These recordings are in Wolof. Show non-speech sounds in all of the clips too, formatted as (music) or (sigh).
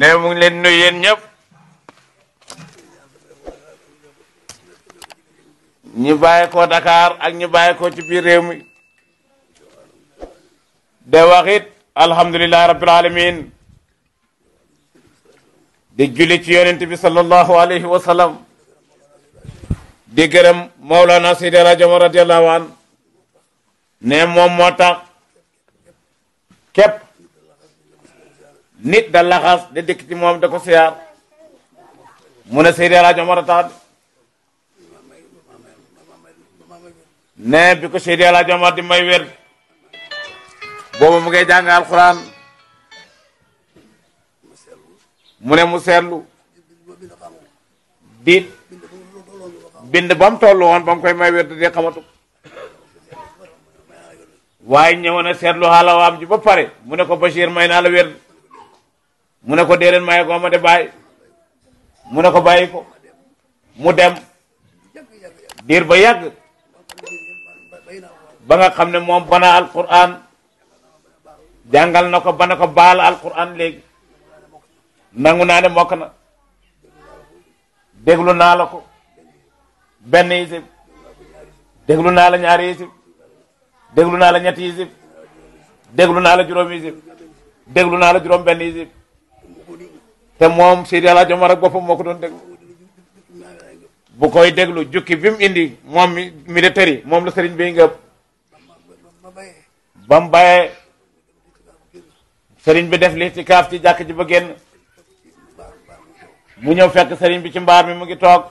ne mu ngi leen nuyu yéen ñëpp ñu ko Dakar ak ñu bàyyi ko ci biir réew mi de wax it alhamdulilah rabbil alamin di julli ci yonent bi sallallahu alayhi wa sallam gërëm Mawlana Seydi Hadji Omar an ne moom moo tax képp nit da da dëkk ci moom da ko siyaar mu ne Seydi El Hadji Omar ne bi ko Seydi El Hadji di may wér boobu mu ngay jàng alxuraan mu ne mu seetlu di bind ba mu toll woon ba mu koy may wér di xamatu waaye ñëw na seetlu xaalawaam ji ba pare mu ne ko Bachir may naa la wér mu ne ko dee leen maye ko ma de bàyyi mu ne ko bàyyi ko mu dem diir ba yàgg ba nga xam ne moom bana alquran jàngal na ko bana ko baal alquran léegi nangu naa ne mokk na déglu naa la ko benn isib déglu naa la ñaari isib déglu naa la ñetti déglu naa la juróom isib déglu naa la juróom benn isib te moom Seydi Alaaji Omar ak boppam moo ko doon déglu bu koy déglu jukki bi mu indi moom mi militaire yi moom la sëriñ bi ngëb ba mu sëriñ bi def li ci kaaf ci jàkk ji ba génn mu ñëw fekk sëriñ bi ci mbaar mi mu ngi toog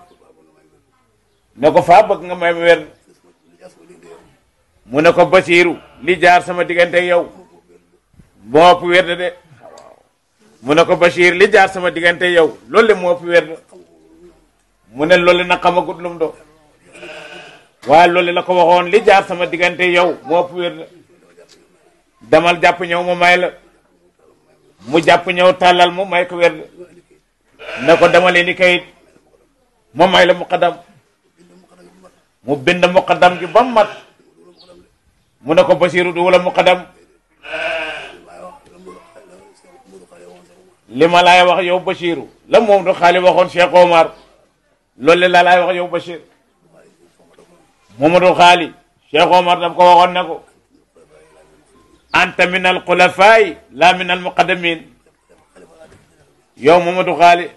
ne ko faa bëgg nga may mu wér mu ne ko basiiru li jaar sama diggante yow moo ëpp wér de de mu ne ko Bachir li jaar sama diggante yow loolu moo fi wér mu ne loolu na xamagut lum do waaye loolu la ko waxoon li jaar sama diggante yow moo fi wér damal jàpp ñëw mu may la mu jàpp ñëw tàllal mu may ko wér ne ko damale ni kayit mu may la muqaddam mu bind muqaddam gi ba mat mu ne ko Basiru du wala muqaddam li ma laay wax yow Bachiru la moom du xaali waxoon Cheikh Omar loolu la laay xaali Cheikh Omar daf ko waxoon ne ko anta min al xulafaay la min al muqaddamin yow Momadou xaali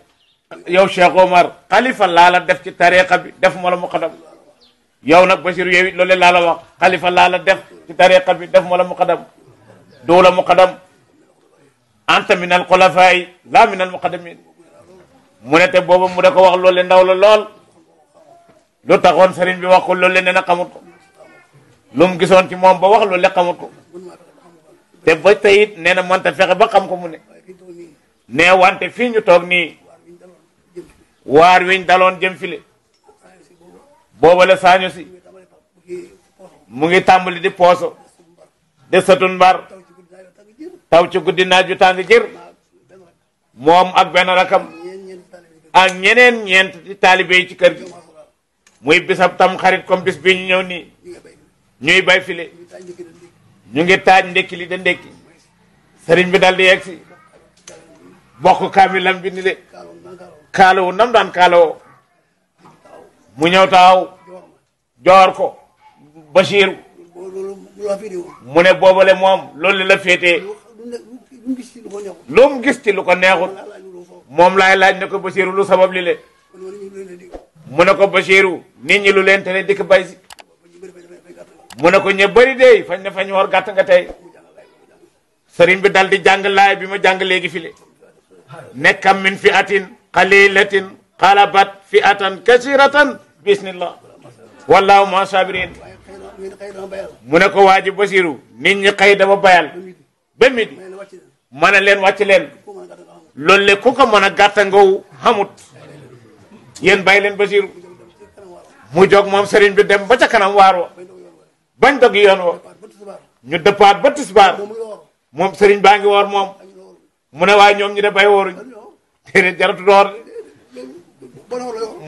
yow Cheikh Omar xalifa laa la def ci tariqa bi def ma la muqaddam yow nag Bachir anta min al xulafaay laa min al muqaddamin mu ne te booba mu da ko wax loolu ndaw la lool lu taxoon sëriñ bi wax ko loolu nee na xamut ko lu mu gisoon ci moom ba wax loolu xamut ko te ba tey it nee na mënta fexe ba xam ko mu ne ne wante fii ñu toog nii waar wiñ daloon jëm file booba la saañu si mu ngi tàmbali di pooso de satun mbar taw ci guddi naaj yu tàng jër moom ak benn rakam ak ñeneen ñeent ci ci kër gi muy bisab tam xarit comme bis bi ñu ñëw nii ñuy bay file ñu ngi taaj ndekki li da ndekki sëriñ bi dal di yegg si bokk kaamilam bi ni nam daan kaalawoo mu ñëw taaw joor ko Bachir mu ne boobale moom loolu la féetee lu mu gis ci lu ko neexul moom laay laaj ne ko Basiiru lu sabab li le mu ne ko Basiiru nit ñi lu leen tere dikk bay mu ne ko ñe bari dey fañ ne fañ war gàtt nga tey sëriñ bi dal di jàng bi ma jàng léegi fi le nekkam min fi atin qalilatin xalabat fi atan kasiratan bismillah wallahu ma sabirin mu ne ko waaji Basiiru nit ñi xëy dama bayal ba midi ma ne leen wàcc leen loolu le ku ko mën a gàttangaw xamut yéen bàyyi leen Basiiru mu jog moom sëriñ bi dem ba ca kanam waar wa bañ dog yoon wa ñu dëppaat ba tisbaar moom sëriñ baa ngi woor moom mu ne waaye ñoom ñu de bay wooruñ déedéet jaratu door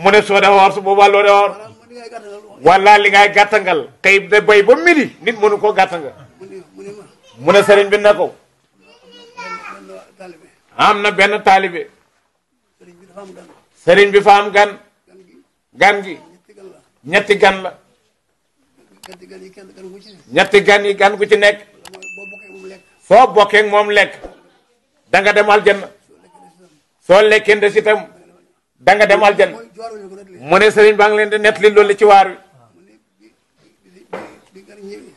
mu ne soo de woor su boobaa woor walla li ngay gàttangal tey de bay ba midi nit mënu koo gàttangal mu ne sëriñ bi na ko am na benn taalibe sëriñ bi fa am gan gan gi ñetti gan la ñetti gan yi gan gu ci nekk soo bokkee moom lekk da nga dem soo lekkee ndes itam da nga dem aljanna mu ne sëriñ baa ngi leen di nettali loolu ci waar wi ah,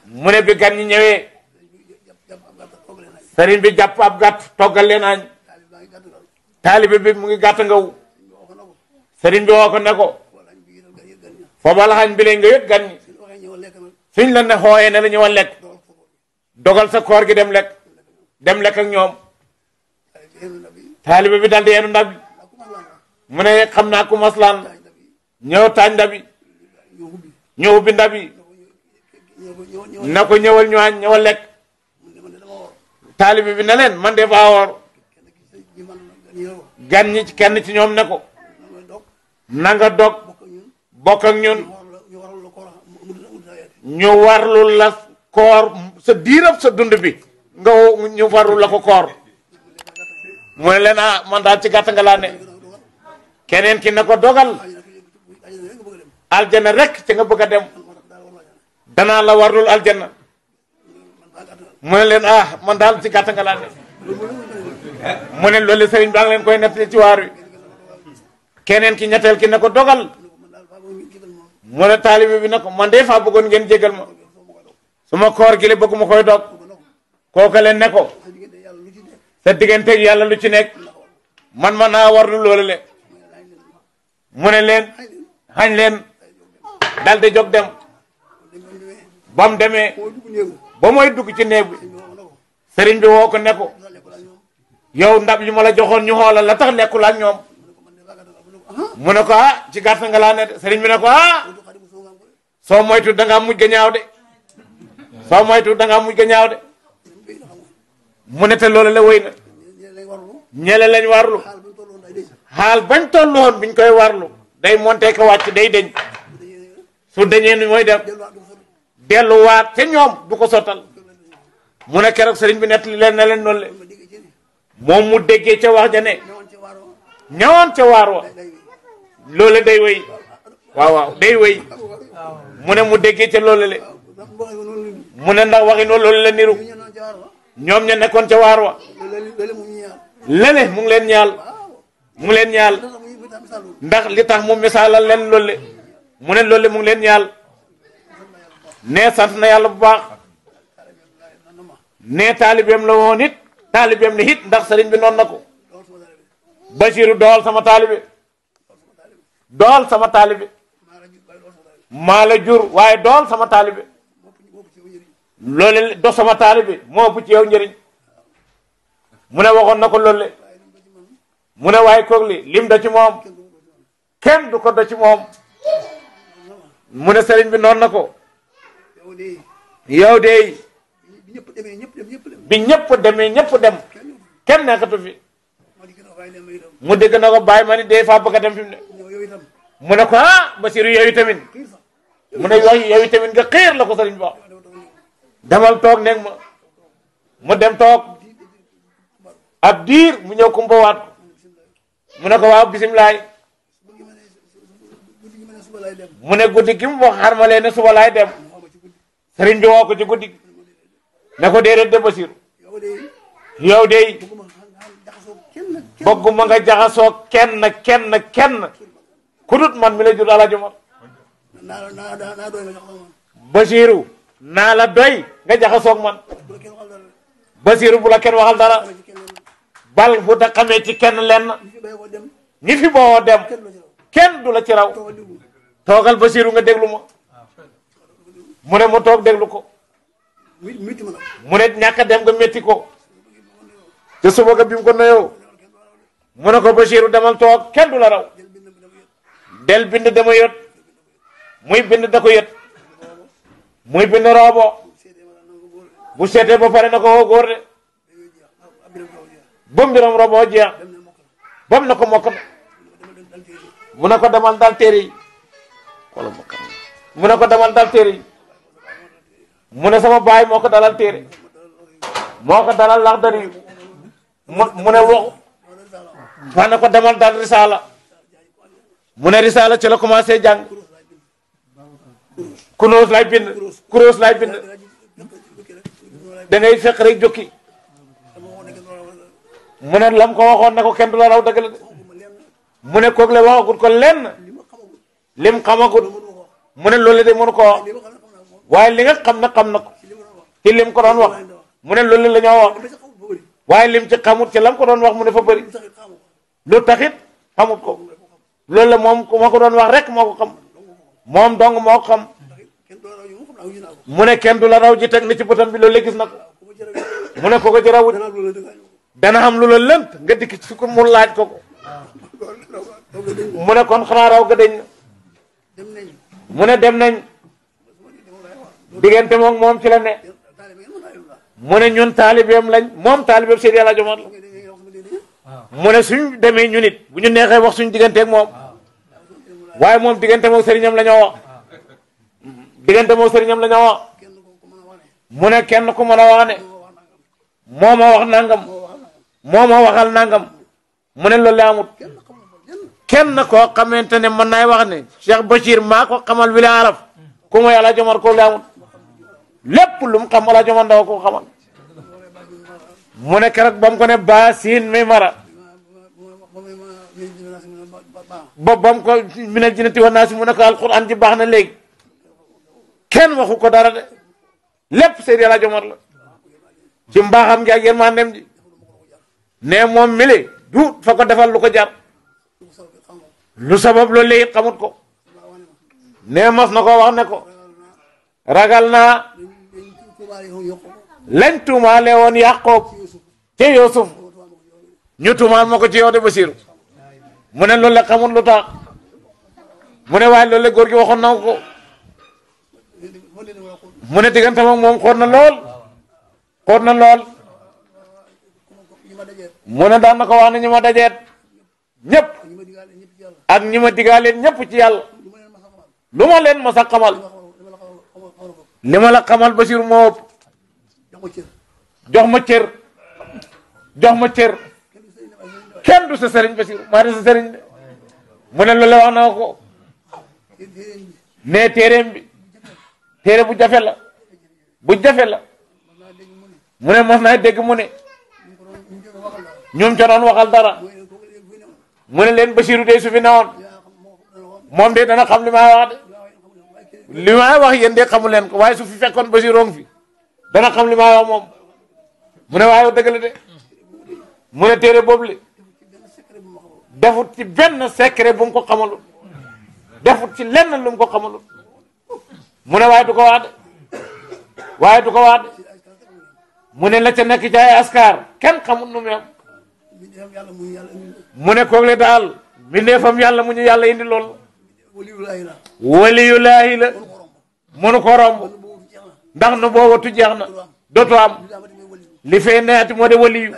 mu ne bi gan ñi ñëwee sëriñ bi jàpp ab gàtt toggal leen añ taalibe bi mu ngi gàtt ngaw sëriñ bi woo ko ne ko foobal xañ bi lañ nga yot gan ñi suñ la ne xooyee ne la ñëwal lekk dogal sa koor gi dem lekk dem lekk ak ñoom taalibe bi dal di yenu ndab bi mu ne xam naa ku maslaan ñëw taaj ndab yi ñëw ubbi ndab yi na ko ñëwal ñu añ ñëwal lekk taalibe bi ne leen man de faa woor gan ñi kenn ci ñoom ne ko na nga dog bokk ak ñun ñu warlu la koor sa diirab sa dund bi nga ñu warlu la ko koor mu ne leen ah man daal ci gàtt keneen ki na ko dogal aljana rek ci nga bëgg a dem danaa la warlul aljana mu ne leen ah man daal ci gàtt mu ne loolu sëriñ baa leen koy nettali ci waar wi keneen ki ñetteel ki ne ko dogal mu ne taalibe bi ne man de faa bëggoon ngeen jégal ma suma koor gi bëgguma koy dog kooka leen ne ko sa digganteeg yàlla lu ci nekk man ma naa warlu loolu le mu ne leen xañ leen dal di jóg dem ba mu demee ba mooy dugg ci néeg bi sëriñ bi woo ko yow ndab yi ma la joxoon ñu xoolal la tax nekkul ak ñoom mu ne ko ah ci nga laa ne sëriñ bi ne ko ah soo moytu da ngaa mujj ga ñaaw de soo moytu danga ngaa mujj ga ñaaw de mu ne te loolu la wéy na ñele lañ warlu xaal bañ tollu woon biñ koy warlu day monté ko wàcc day deñ su deñee ni mooy def delluwaat te ñoom du ko sottal mu ne keroog sëriñ bi nett li leen leen noonu le moom mu déggee ca wax ja ne ñëwoon ca waar wa loole day wéy waaw waaw day wéy mu ne mu déggee ca loole le mu ne ndax waxi noonu loolu la niru ñoom ña nekkoon ca waar wa lele mu leen ñaal mu leen ñaal ndax li tax mu misaalal leen loole mu ne loole mu ngi leen ñaal nee sant na yàlla bu baax nee taalibeem la woon it taalibeem ne hit ndax sëriñ bi noon na ko Basiru dool sama taalibe dool sama taalibe maa jur waaye dool sama taalibe loole do sama taalibe moo ëpp ci yow njëriñ mu ne waxoon na ko loolu le mu ne waaye koog lim da moom kenn du ko do ci moom mu ne sëriñ bi noon na ko yow de bi ñëpp demee ñëpp dem kenn nekkatu fi mu dégg na ko bàyyi ma ni day faa bëgg a dem fi mu ne mu ne ko ah Basiru yooyu tamit mu ne yooyu yooyu tamit nga xiir la ko sëriñ ba damal toog nekk ma mu dem toog ab diir mu ñëw kumpawaat ko mu ne ko waaw bisimilaay mu ne guddi gi mu wax xarmalee ne suba laay dem sëriñ bi woo ko ci guddi ne ko déedéet de Basiru yow de bëgguma nga jaxasoog kenn kenn kenn ku dut man mi la jur Alaaji Omar Basiru naa la doy nga jaxasoog man Basiru bu la kenn waxal dara bal bu da xamee ci kenn lenn ñi fi boo dem kenn du la ci raw toogal Basiru nga déglu ma mu ne mu toog deglu ko mu ne ñàkk dem nga métti ko te suba ga bi mu ko mu ne ko ba Bachirou demal toog kenn du la raw del bind dama yot muy bind da ko yot muy bind roobo bu seetee ba pare na ko woo oh, góor de ba mbiram roobo jeex ba mu na ko mokk mu ne ko demal dal téere yi wala mokk mu ne ko demal dal téere yi mu ne sama baay moo ko dalal téere moo ko dalal Laxdari mu mu ne wax wax na ko demal dal risaala mu ne risaala ci la commencé jàng kunoos lay bind kuroos lay bind da ngay fekk rek jokki mu ne lam ko waxoon ne ko kenn du la raw dëgg la de mu ne kooku la waxagut ko lenn lim xamagut mu ne loolu de mënu ko waaye li nga xam ne xam na ko ci lim ko doon wax mu ne loolu la ñoo wax waaye lim ci xamut ci lam ko doon wax mu ne fa bëri lu taxit xamut ko loolu la moom moo ko doon wax rek moo ko xam moom dong moo ko xam mu ne kenn du la raw ji teg na ci bëtam bi loolu la gis na ko mu ne ko ko jërawut dana am lu la lënt nga dikk ci ko mu laaj ko ko mu ne kon xanaa raw ga dañ na mu ne dem nañ diggante moom moom ci la ne mu ne ñun taalibeem lañ moom taalibeem Seydi El Hadji Omar la mu ne suñ demee ñu nit bu ñu neexee wax suñ digganteeg moom waaye moom diggante moom sëriñam la ñoo wax diggante moom sëriñam la ñoo wax mu ne kenn ku mën a wax ne moo ma wax nangam moo ma waxal nangam mu ne loolu la amut kenn koo xamante ne mën naay wax ne Cheikh Bachir maa ko xamal wi araf ku mooy El ko la amut lépp lu mu xam wala joma ndaw ko xamal mu ne keroog ba ko ne baasin mi mara ba ba mu ko minal jinnati wa naasi mu ne ko alquran ji baax na léegi kenn waxu ko dara de lépp Seydi El Hadji Omar la ci mbaaxam gi ak yërmandeem ji ne moom mili du fa ko defal lu ko jar lu sabab loolu léegi xamut ko ne mas na ko wax ne ko ragal naa lañ tuumaale woon Yaqoob ca Youssouf ñu tuumaal ma ko ci yow de Basiru mu ne loolu la xamul lu tax mu ne waaye loolu la góor gi waxoon na ko mu ne diggante moom moom xool na lool xool na lool mu ne daan na ko wax ne ñu ma dajeet ñëpp ak ñi ma digaaleen ci yàlla lu ma leen masa xamal li ma la xamal Bachir moo ëpp jox ma cër jox ma cër kenn du sa sëriñ Bachir maa di sa sëriñ de mu ne loolu wax na ko ne téeréem bu jafe la bu jafe la mu ne mos naa dégg mu ne ñoom ca doon waxal dara mu ne leen Bachir de su fi moom de dana xam li ma wax de. li may wax yéen de xamu leen ko waaye su fi fekkoon Basiru ngi fi dana xam li may wax moom mu ne waaye dëgg la de mu ne téere boobu li defut ci benn secret bu mu ko xamalul defut ci lenn lu mu ko xamalul mu ne waaye ko wax de waaye du ko wax de mu ne la ca nekk ci askar kenn xamul nu mu yem mu daal mi neefam yàlla mu ñu yàlla indi lool waliyulaahi la mënu ko romb ndax nu boobatu jeex na dootu am li fee neeti moo de waliyu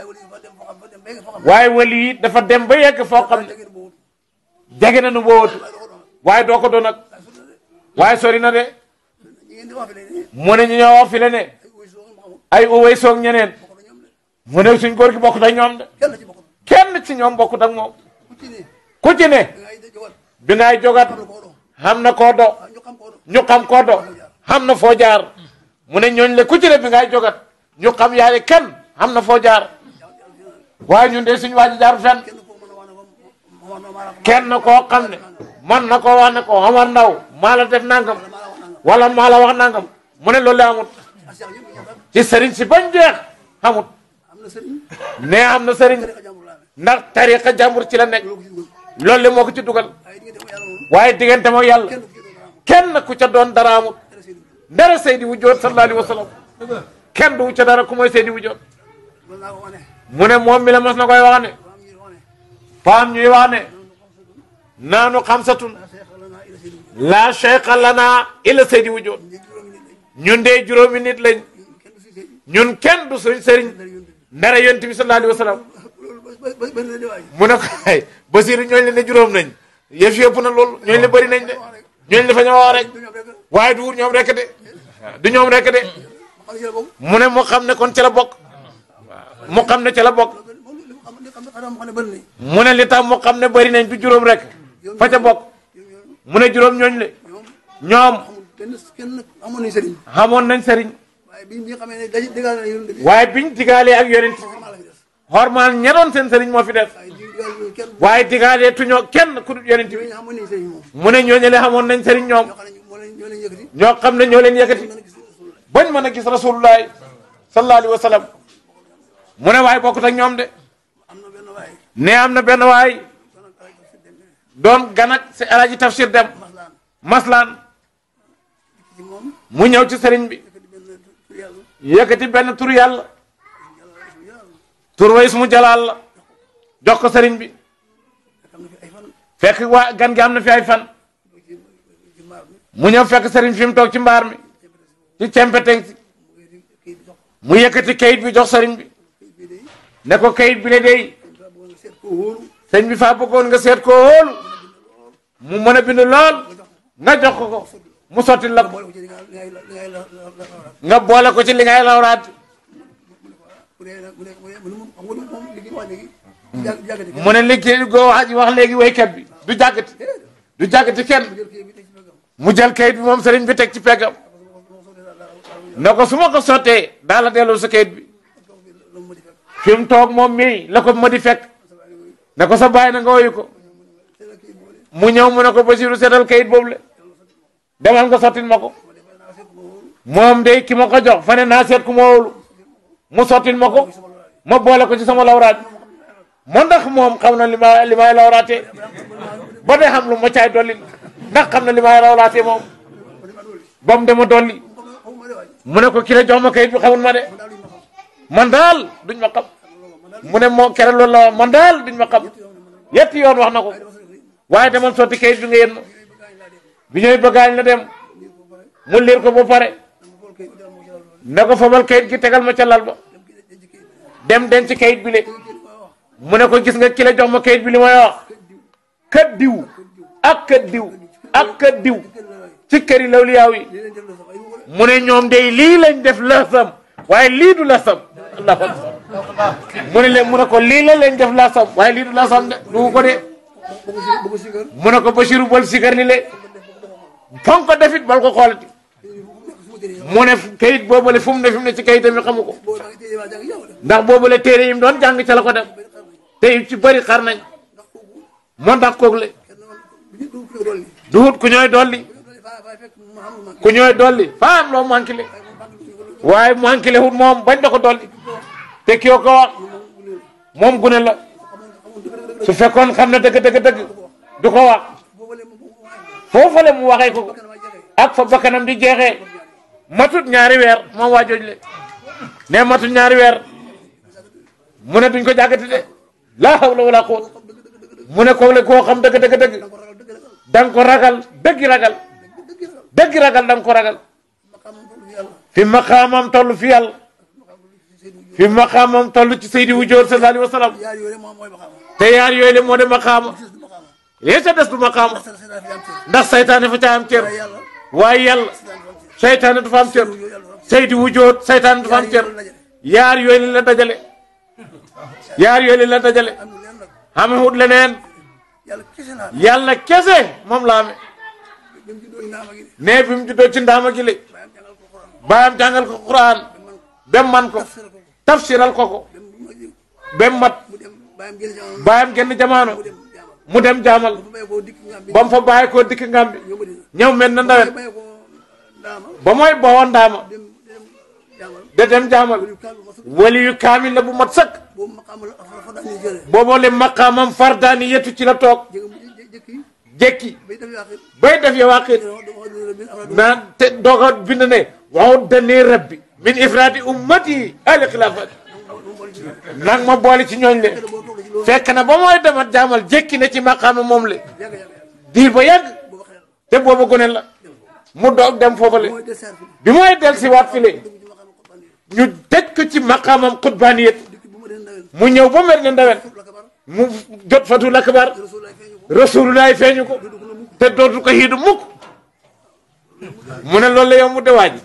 waaye wali yi dafa dem ba yegg foo xam ne jege na nu boobatu waaye doo ko doon nag waaye sori na de mu ne ñu ñoo wax fi la ne ay uway soog ñeneen mu ne suñ góor gi bokkut ak ñoom de kenn ci ñoom bokkut ak moom ku ci ne bi ngay jogat xam na ko do ñu xam koo do xam na foo jaar mu ne ñooñ le ku ci ne bi ngay jogat ñu xam yaay kenn xam na foo jaar waaye ñun de suñu waa ji jaar fenn kenn koo xam ne man na ko wax na ko Omar Ndaw maa la def nangam wala maa la wax nangam mu ne loolu la amut ci sëriñ si bañ jeex amut ne am na sëriñ ndax tariqa jàmbur ci la nekk loolu moo ko dugal waaye diggante moo yàlla kenn ku ca doon dara amul dara Seydi wu joot sallallahu alayhi kenn du ca dara ku mooy Seydi wu mu ne moom mi la mos na koy wax ne faam ñuy wax ne naanu xamsatun laa cheikha lana illa Seydi wu joot ñun de juróomi nit lañ ñun kenn du suñ sëriñ ndara yonent bi sallallahu alayhi wa mu ne ko ay basiru ñooñu ne juróom nañ yëf yëpp na loolu ñooñu la bëri nañ de ñooñu dafa ñoo wax rek waaye du ñoom rek de du ñoom rek de mu ne mu xam ne kon ca la bokk mu xam ne ca la bokk mu ne li tax mu xam ne bari nañ du juróom rek fa ca bokk mu ne juróom ñooñu le ñoom xamoon nañ sëriñ waaye biñ digaalee ak yonent xormaal ña doon seen sëriñ moo fi def. waaye digaale tuñoo kenn ku dul yonent bi mu ne ñooñu la xamoon nañ sëriñ ñoom ñoo xam ne ñoo leen yëkkati bañ mën a gis rasulullahi sallallahu alayhi wa sallam mu ne waaye bokkut ak ñoom de ne am na benn waay doon ganak si alaaji tafsir dem maslaan mu ñëw ci sëriñ bi yëkkati benn tur yàlla tur wa ismu jalaal la jox ko sëriñ bi fekk waa gan gi am na fi ay fan mu ñëw fekk sëriñ fi mu toog ci mbaar mi ci cempeteng si mu yëkkati kayit bi jox sëriñ bi ne ko kayit bi ne day sëñ bi faa bëggoon nga seet koo hóolu mu mën a bind lool nga jox ko ko mu sotti la ko nga boole ko ci li ngay lawraat mu ne liggéey goo wax wax léegi waykat bi du jàggati du jàggati kenn mu jël kayit bi moom sëriñ bi teg ci peggam na ko su ma ko sottee daa la delloo sa kayit bi fi mu toog moom mii la ko ma di fekk na ko sa bàyyi na nga woyu ko mu ñëw mu ne ko ba Basiru seetal kayit boobu la demal nga sottil ma ko moom de ki ma ko jox fa ne naa seet ku ma wóolu mu sottil ma ko ma boole ko ci sama lawraat moo ndax moom xam na li ma li may lawraatee ba xam lu ma caay dolli ndax xam na li may lawraatee moom ba mu dama dolli mu ne ko ki jox ma kayit bi xamul ma de man daal duñ ma xam mu ne moo kere loolu la man daal duñ ma xam yetti yoon wax na ko waaye demal sotti kayit bi nga yéen ma bi ñooy bëggaañ la dem mu liir ko ba pare ne ko fabal kayit gi tegal ma ca lal ba dem denc kayit bi le mu ne ko gis nga ki la jox ma kayit bi li may wax kat diw ak kat diw ak kat diw ci këri lawliyaaw yi mu ne ñoom day lii lañ def lasam waaye lii du lasam allahu akbar mu ne leen mu ne ko lii la lañ def lasam waaye lii du lasam de du ko de mu ne ko Bachirou bal sikar ni le fon ko defit bal ko xoolati mu ne kayit boobale fu mu ne fi mu ne ci kayitam yi xamu ko ndax boobale téere yi mu doon jàng ca la ko def te yu ci bëri xar nañ moo ndax koog le duhut ku ñooy dolli ku ñooy dolli faam loo mankile waaye mankile hut moom bañ da ko dolli te ki ko wax moom gune la su fekkoon xam na dëgg dëgg dëgg du ko wax foofale mu waxee ko ak fa bakkanam di jeexee matut ñaari weer moom waa jooj le ne matut ñaari weer mu ne duñ ko jàggati de laa hawla wala quwwata mu ne ko le koo xam dëgg dëgg dëgg da nga ko ragal dëgg ragal dëgg ragal da nga ko ragal fi maqaamam toll fi yàlla fi maqaamam toll ci Seydi wu Joor sallallahu alayhi wa sallam te yaar yooyu le moo de maqaama lii sa des du maqaama ndax saytaane fa caa am cër waaye yàlla saytaane du fa am cër Seydi wu Joor saytaane du fa am cër yaar yooyu la dajale. yaar yooyu la dajale xame wut leneen yàlla kese moom la amee ne bi mu juddoo ci ndaama gi li baayam ko quraan bem man ko tafsiral ko ko bem mat baayam genn jamaano mu dem jaamal ba mu fa bàyyi ko dikk ngam bi ñëw mel na ndawet ba mooy bawoo ndaama de dem jaamal wali yu kaamil mat sëkk boo moo leen maqaamam fardaani yetu ci la toog jekki bay def yow àqit naan te dooga bind ne waaw dani rabbi min ifraadi ummati al xilaafat nag ma boole ci ñooñ le fekk na ba mooy demat jaamal jekki ne ci maqaamam moom le diir ba yàgg te booba gone la mu doog dem foofale bi mooy del si waat fi le ñu tëj ko ci maqaamam xutbaaniyet mu ñëw ba mer ne ndawen mu jot fatul akbar rasulullah feeñu ko te dootu ko xiidu mukk mu ne loolu la yow mu dewaa ji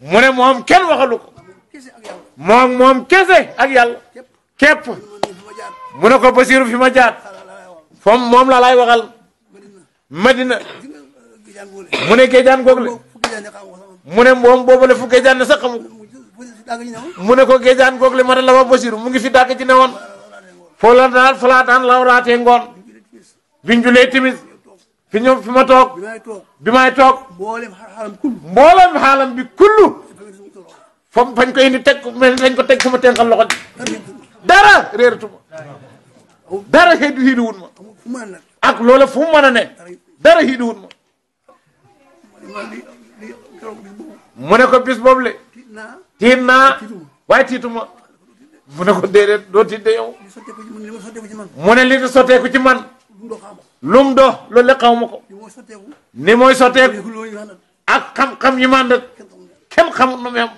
mu ne moom kenn waxalu ko moom moom ak yàlla képp mu ne ko basiru fi ma jaat foom moom laa laay waxal madina mu ne géejaan googu le mu ne moom boobu la fu géejaan ne sax xamu mu ne ko géejaan goog li ma la wax Basiru mu ngi fi dàgg ci ne woon foo la daal falaataan law raatee ngoon biñ julee timis fi ñoom fi ma toog bi maay toog mboolem xaalam bi kullu fam fañ ko indi teg mel dañ ko teg sama tenqal loxo dara réeratuma dara xeetu xiidiwul ma ak loola fu mu a ne dara xiidiwul ma mu ne ko bis boobu le tiit naa waaye tiituma mu ne ko déedéet doo tiit de yow mu ne li sotteeku ci man lum do loolu la xaw ma ko ni mooy sotteeku ak xam-xam yi man nag kenn xamut nu mu am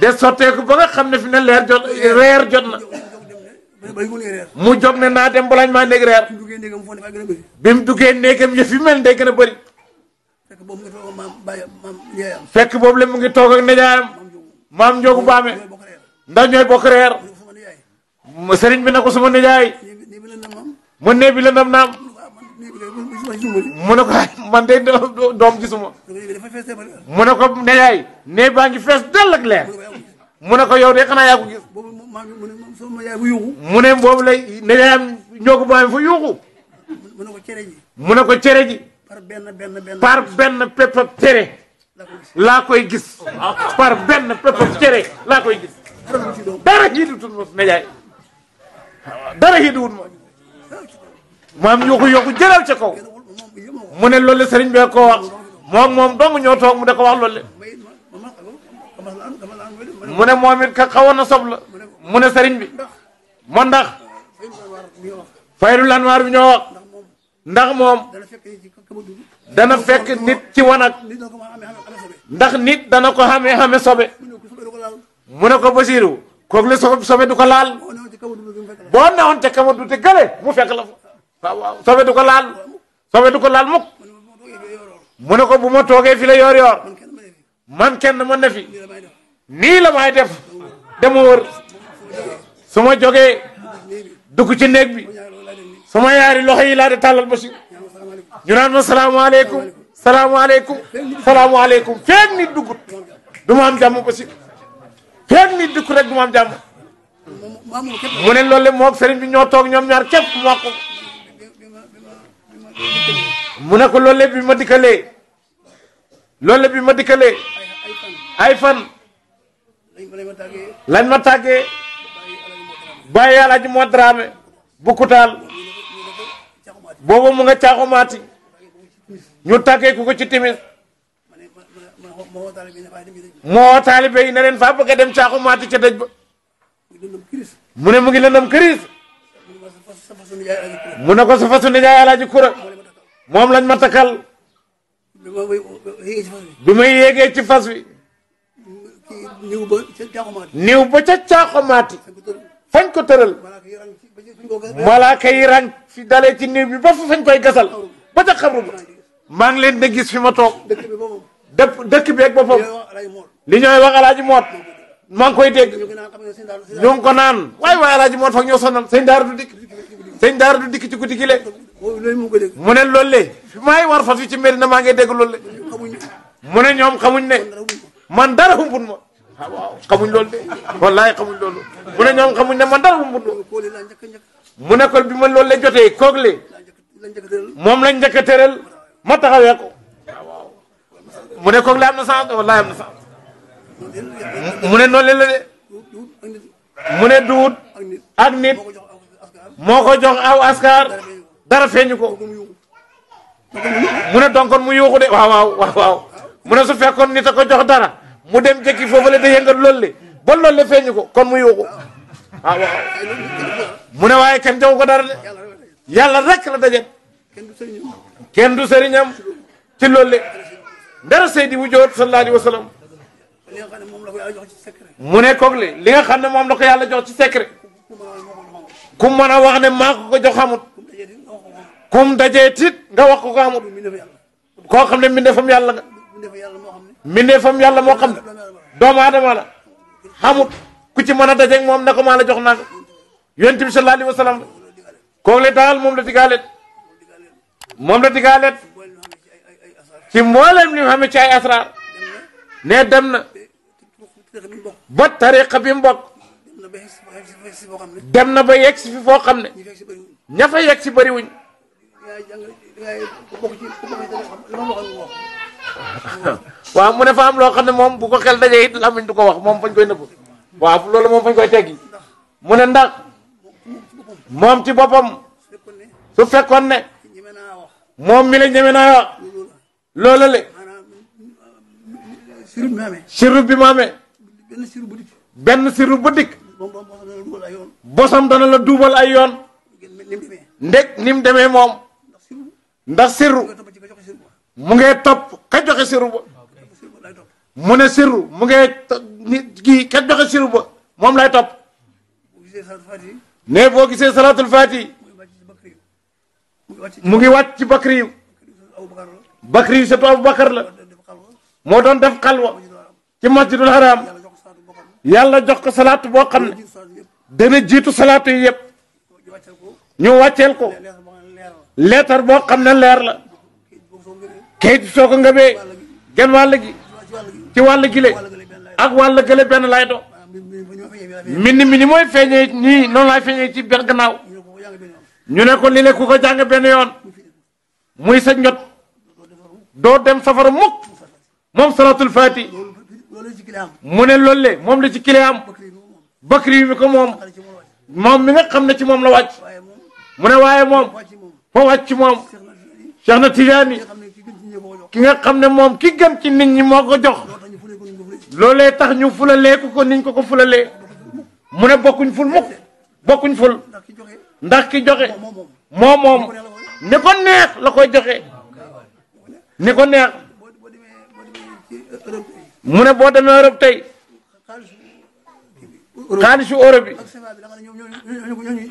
de sotteeku ba nga xam ne fi ne leer jot reer jot na mu jóg ne naa dem balañ maa néeg reer bi mu duggee néegam yëf yi mel ne day gën a boobu nga toog maam fekk boobu la mu ngi toog ak nijaayam. maam Ndiogou Bamé. ndax ñooy bokk reer. sëriñ bi na ko suma nijaay. mu ne bi la ndam naam. ko ah, ah, man de doom gisuma. mu ne ko nijaay. nee baa ngi fees dell ak leer. mu ne ko yow de xanaa yaa ko gis. mu ne boobu lay nijaayam Ndiogou Bamé ko cere ji. par benn benn benn par benn pepp ak cere laa koy gis par benn pepp ak cere laa koy gis dara xiidutul ma médiaay dara xiiduwul ma maam yokku yokku jëlaw ca kaw mu ne loolu sëriñ bee ko wax moom moom dong ñoo toog mu da ko wax loolu mu ne moom it ka xawoon na sob la mu ne sëriñ bi moo ndax fayru lanwaar bi ñoo ndax moom dana fekk nit ci wanag ndax nit dana ko xamee xame sobe mu ne ko Basiru kooku la sobe sobe du ko laal boo newoon ca kama du te gële mu fekk la fa waaw sobe du ko laal sobe du ko laal mukk mu ko bu ma toogee fi la yor-yor man kenn ma ne fi nii la maay def dama su ma jógee dugg ci néeg sama yaari loxo yi laa di tàllal ñu naan ma salaamaaleykum salaamaaleykum salaamaaleykum feeg nit duggut du ma am jàmm Bachir feeg nit dugg rek du ma am mu ne loolu moog sëriñ bi ñoo toog ñoom ñaar képp mu wax ko mu ne ko loolu bi ma dikkalee loolu bi ma dikkalee ay fan lañ ma tàggee bàyyi alaaji moo dramé bu booba mu nga caaxumaati ñu tàkkee ku ko ci timis moo taalibe yi ne faa bëgg a dem caaxumaati ca dëj ba mu ne mu ngi lëndam këriis mu ne ko sa fasu nijaay alaaji kura moom lañ ma takkal bi may yéegee ci fas wi niw ba ca caaxumaati fañ ko tëral malaaka yi ci dalee ci néew bi ba fa fañ koy gasal ba ca xabru ba maa ngi leen di gis fi ma toog dëkk dëkk bi li ñooy wax alaaji moot maa ngi koy dégg ñu ngi ko naan waay waay alaaji moot fag ñoo sonal sëñ daara du dikk sëñ daara du dikk ci guddi gi le mu ne loolu le fi maay war fas wi ci mbir na maa ngi dégg loolu le mu ne ñoom xamuñ ne man dara humpun ma ah, waaw xamuñ loolu de wallaay xamuñ loolu mu ne ñoom xamuñ ne man dara humpun ma mu ne bi ma loolu la jotee koogle moom lañ njëkk a tëral ma taxawee ko mu ne koogle am na sens wallaahi am na ne noonu la de mu ne duut ak nit moo ko jox aw askar dara feeñu ko mu ne kon mu yuuxu de waaw waaw waaw mu ne su fekkoon nit a ko jox dara mu dem jëkki foofu la da yëngal loolu le ba loolu le feeñu ko kon mu yuuxu ah mu ne waaye kenn jaw ko dara de yàlla rek la daje kenn du sëriñam ci loolu le ndara Seydi bu joot sallallahu alayhi wa sallam mu ne koog li li nga xam ne moom la ko yàlla jox ci secret ku mën a wax ne maa ko ko jox xamut kum daje tiit nga wax ko ko xamut koo xam ne mbindeefam yàlla nga mbindeefam yàlla moo xam ne doomu aadama la xamut ku ci mën a dajeeg moom na ko maa la jox nag yonent bi sallallahu alayhi wa sallam kooku lay taal moom la digaalet moom la digaalet ci mboolem li mu xamee ci ay asraar ne dem na ba tariqa bi mu bokk na ba yegg si fi foo xam ne ña fa yegg si bëri wuñ (laughs) waaw mu ne fa am loo xam ne moom bu ko xel dajee it lamiñ du ko wax moom fañ koy nëbb waaw loolu moom fañ koy teggi mu ne ndax moom ci boppam su fekkoon ne moom mi la ñeme naa wax loola le sirub bi mu amee benn sirub bu dikk bosam dana la duubal ay yoon nde ni demee moom ndax siru mu ngee topp ka joxe siru ba mu ne siru mu ngee nit kii kat joxe siru ba moom lay topp ne boo gisee salaatul faati mu ngi wàcc ci bakri yu bakri yu surtout Abubakar la moo doon def xalwa ci masjidul haram yàlla jox ko salaatu boo xam ne dana jiitu salaatu yi yëpp ñu wàcceel ko leetar boo xam ne leer la kayit soo ko ngëbee genn wàll gi ci wàll gi ak la gële benn laay doon. mbind mi ni mooy feeñee nii noonu laay feeñee ci benn gannaaw. ñu ne ko lii ne ku ko jàng benn yoon. muy sa njot. doo dem safara mukk. moom salatul faati. mu ne lool le moom la ci kile am. bakri mi ko moom. moom mi nga xam ne ci moom la wàcc. mu ne waaye moom. fa wàcc moom. Cheikh na Tidiane ki nga xam ne moom ki gën ci nit ñi moo ko jox. loolee tax ñu fulalee ko ko niñ ko ko fulalee mu ne bokkuñ ful mukk bokkuñ ful ndax ki joxe moo moom ni ko neex la koy joxe ni ko neex mu ne boo demee Europe tey xaalisu Europe bi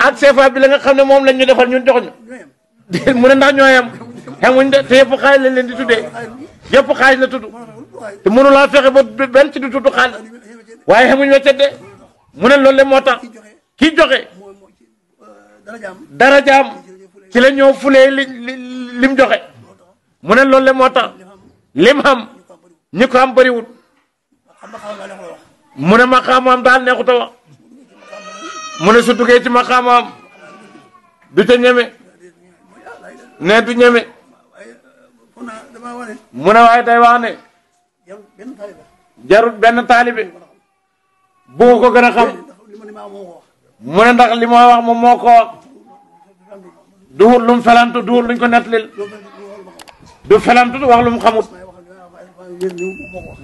ak CFA bi la nga xam ne moom lañ ñu defal ñun jox ñu mu ne ndax ñooyam xamuñ de te yëpp xaalis lañ leen di tuddee yëpp xaalis la tudd te mënulaa fexe ba benn ci du tudd xaalis waaye xamuñ weccet de mu ne loolu le moo tax kii joxe dara jaam ci la ñoo fulee li lim joxe mu ne loolu le moo tax lim xam ñi ko am bëriwul mu ne ma xaamaam daal neexut a wax mu ne su duggee ci ma xaamaam du ca ñeme ne du ñeme mu ne waaye day wax ne jarut benn taalibe boo ko gën a xam mu ne ndax li ma wax moom moo ko wax duhut lum felantu duhut luñ ko nettalil du felantu wax lum xamut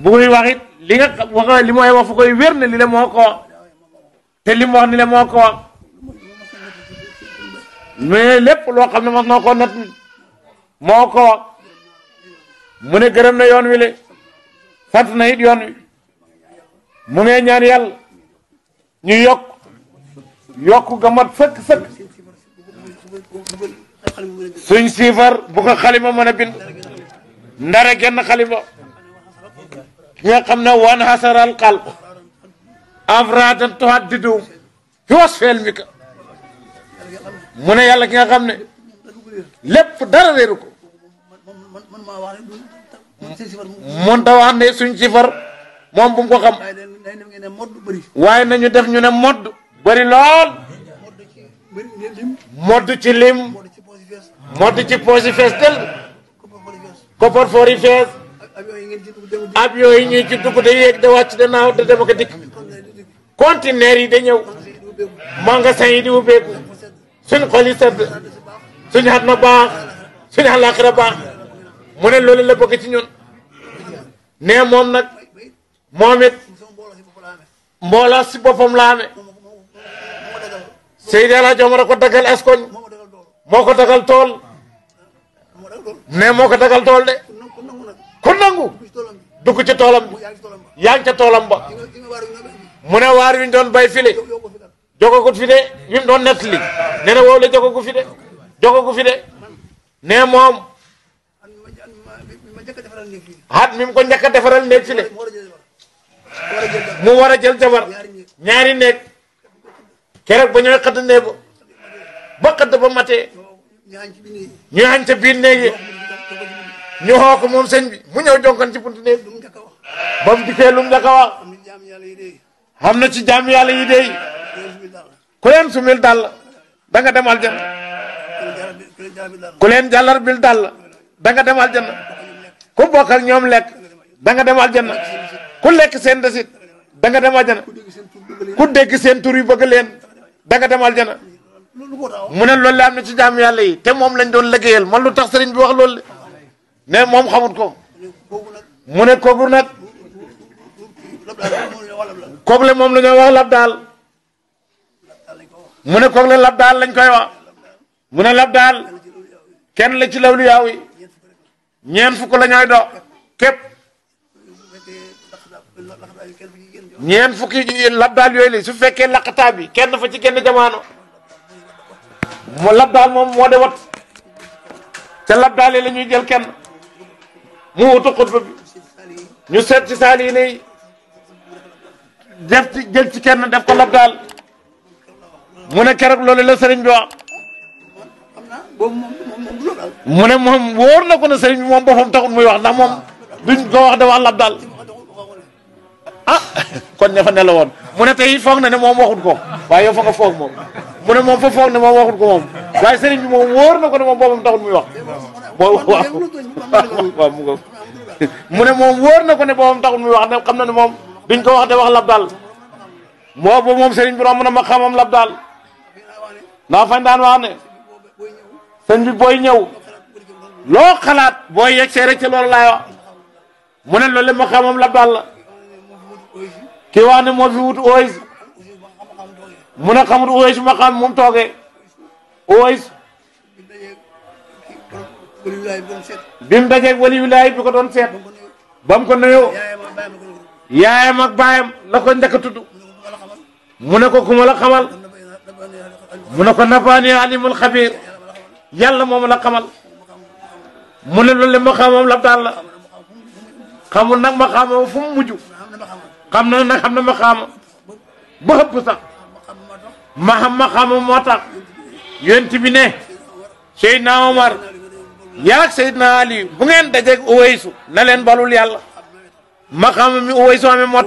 bu koy wax it wax fu koy wér ne li moo ko wax te lim wax ni la moo ko wax loo xam ne mos na ko nett ko mu ne gërëm na yoon wi sant na it yoon wi mu ngay ñaan yàlla ñu yokk yokk ga mat sëkk sëkk suñ siifar bu xalima mën a bind ndara genn xalima ki nga xam ne wan hasaral xalq afradan tuhaddidum fi wasfel mi ka mu ne yàlla ki nga xam ne lépp dara réeru ko mun ta wax ne suñ sifar moom bu mu ko xam waaye nañu def ñu ne modd bëri lool modd ci lim modd ci poche yi fees tel coffre-fort yi fees avion yi ñuy ci dugg de yéeg de wàcc de naaw de dem ak a dikk conteneur yi da ñëw magasin yi di ubbeeku suñ xol yi sedd suñ xat na baax suñ àllaaxira baax mu ne loolu la bëgg ci ñun ne moom nag moom it mbooloo si boppam la amee Seydi El Hadj ko dagal askoñ moo ko dagal tool ne moo ko dagal tool de ku nangu dugg ci toolam bi yaa ngi ca toolam ba mu ne waar wi doon bay file jogagut fi de wi mu doon nettali nee na woow la jogagu fi de jogagu fi de ne moom at mi mu ko njëkk a defaral néeg file mu war a jël jabar ñaari néeg keroog ba ñooy xëdd néegu ba xëdd ba matee ñu añ ca biir néeg ñu xoo ko moom sëñ bi mu ñëw jonkan ci buntu néeg ba mu dikkee lu mu njëkk a wax na ci jaam yàlla yi dey ku leen sumil dàll da nga demal jënd ku leen jàllar bil dàll danga dem demal jënd ku bokkal ñoom lekk da nga dem aljanna ku lekk seen desit da nga dem ku dégg seen tur yu bëgg leen da nga dem aljanna mu ne loolu am na ci jaamu yàlla yi te moom lañ doon liggéeyal man lu tax sëriñ bi wax loolu ne moom xamut ko mu ne kooku nag kooku la moom la wax lab daal mu ne kooku la lab daal lañ koy wax mu ne lab daal kenn la ci lawlu yaaw yi ñeent fukk la ñooy dox képp ñeent fukki yi labdaal yooyu la su fekkee laqataa bi kenn fa ci genn jamaano mu labdaal moom moo de wat ca labdaal yi la jël kenn mu wutu xutba bi ñu seet ci saal yi ne def ci jël ci kenn def ko labdaal mu ne lool loolu la sëriñ mu ne moom wóor na ko ne sëriñ bi moom boppam taxul muy wax ndax moom duñ ko wax dafa lab daal ah kon ña fa ne la woon mu ne tey foog na ne moom waxut ko waaye yow fa foog moom mu ne moom fa foog ne moom waxut ko moom waaye sëriñ bi moom woor na ko ne moom boppam taxul muy wax boo waaw waaw mu ne moom wóor na ko ne boppam taxul muy wax ne xam na ne moom duñ ko wax de wax lab daal moo ba moom bi romb na ma xamam lab daal ndax fañ daan wax sëñ bi booy ñëw loo xalaat booy yegg see rek ci loolu laay wax mu ne ma xamam la bal ki wax ne moo fi wut oys mu ne xamut oys ma xam moom toogee oys bi mu dajeeg wali bi ko doon seet ba mu ko nuyoo yaayam ak baayam la ko njëkk a ko ku ma xamal mu ne ko nafaani alimul xabiir yàlla moom la xamal mu ne loolu ma xamam la daal la xamul nag ma xamam fu mu xam na nag xam na ma xamam ba xëpp sax ma xam ma xamam moo tax yonent bi ne Seydina Omar yaag Seydina Ali bu ngeen dajeeg Uwaysu na leen balul yàlla ma xamam mi Uwaysu amee moo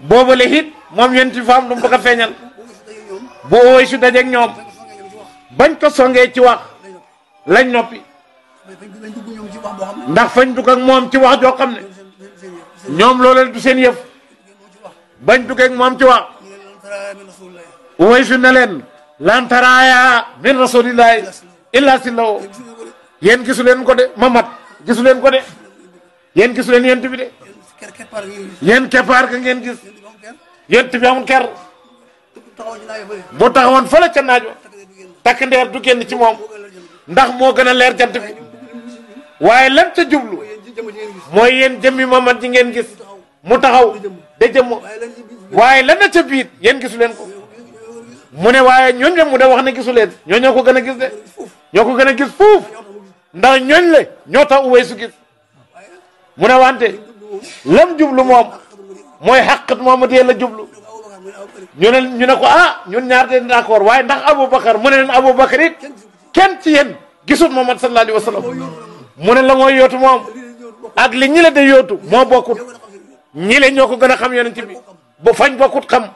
boobale it moom yonent bi faam du mu a feeñal bu Uwaysu dajeeg ñoom bañ ko songee ci wax lañ noppi ndax fañ dugg ak moom ci wax joo xam ne ñoom looleen du seen yëf bañ dugg ak moom ci wax way su ne leen lan taraaya min rasulillahi illa sillaw yéen gisu leen ko de mat gisu leen ko de yéen gisu leen yent bi de yéen keppaar ka ngeen gis yent bi amul ker boo taxawoon fële ca naaj wa takk ndeer du génn ci moom ndax moo gën a leer jant bi waaye lan ca jublu mooy yéen jëmmi mamat ji ngeen gis mu taxaw da jëmm waaye lan na ca biit yéen gisu leen ko mu ne waaye ñooñ la mu da wax ne gisu leen ñoo ñoo ko gën a gis de ñoo ko gën a gis fuuf ndax ñooñ le ñoo tax uway su gis mu ne wante lam jublu moom mooy xaqat mamat yee la jublu ñu ne ñu ne ko ah ñun ñaar de d'accord waaye ndax Aboubacar mu ne leen Aboubacar it kenn ci yéen gisul Muhammad sallallahu alayhi wa sallam mu ne la mooy yootu moom ak li ñi la de yootu moo bokkut ñi ñoo ko gën a xam yonent bi bu fañ bokkut xam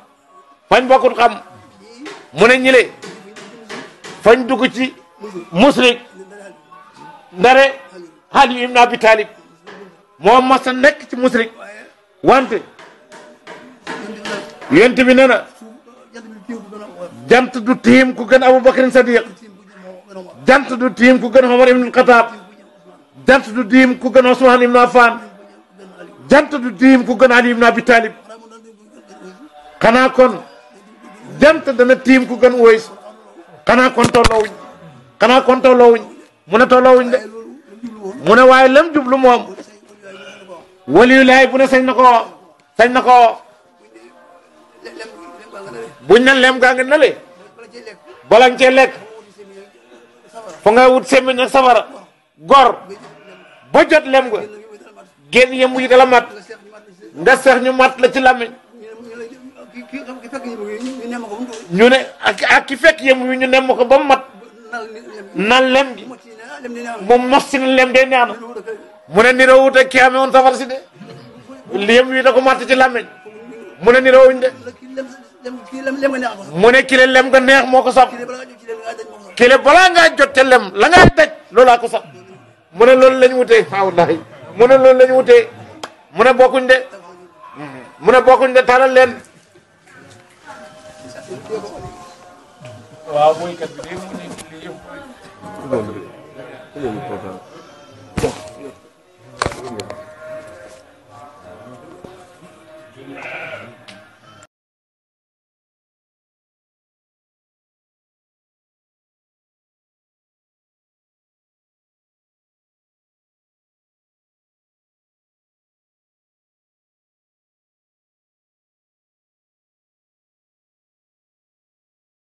fañ bokkut xam mu ne ñi fañ dugg ci musrik ndare Ali ibn Abi Talib moo mas a nekk ci musrik wante yent bi nee na jant du tiim ku gën Abu Bakrin Sadiq jant du tiim ku gën Omar ibn Xataab jant du tiim ku jant du tiim ku gën Ali ibn Abi Talib xanaa kon jant dana tiim ku gën Uways xanaa kon tolloowuñ xanaa kon tolloowuñ mu ne tolloowuñ mu ne waaye lam jublu moom waliyu laay bu na ko na ko buñ ne lem gaa nga nale bala nga cee lekk fa nga wut semmi na safara gor ba jot lem nga génn yëmb yi dala mat nga seex ñu mat la ci làmmiñ ñu ne ak ak ki fekk yëmb yi ñu nemm ko ba mu mat na lem gi mu mos si lem de neex na mu ne niroo wut ak ki amee woon safara si de yëmb yi da ko mat ci làmmiñ mu ne niroo wuñ de mu ne kile lem nga neex moo ko sab kile balaa ngaa jot te lem la ngaa daj loolaa ko sab mu ne loolu lañ wutee ah, wallahi mu ne loolu lañ wutee mu ne bokkuñ de mu ne bokkuñ de taalal leen waaw mooy kat bi de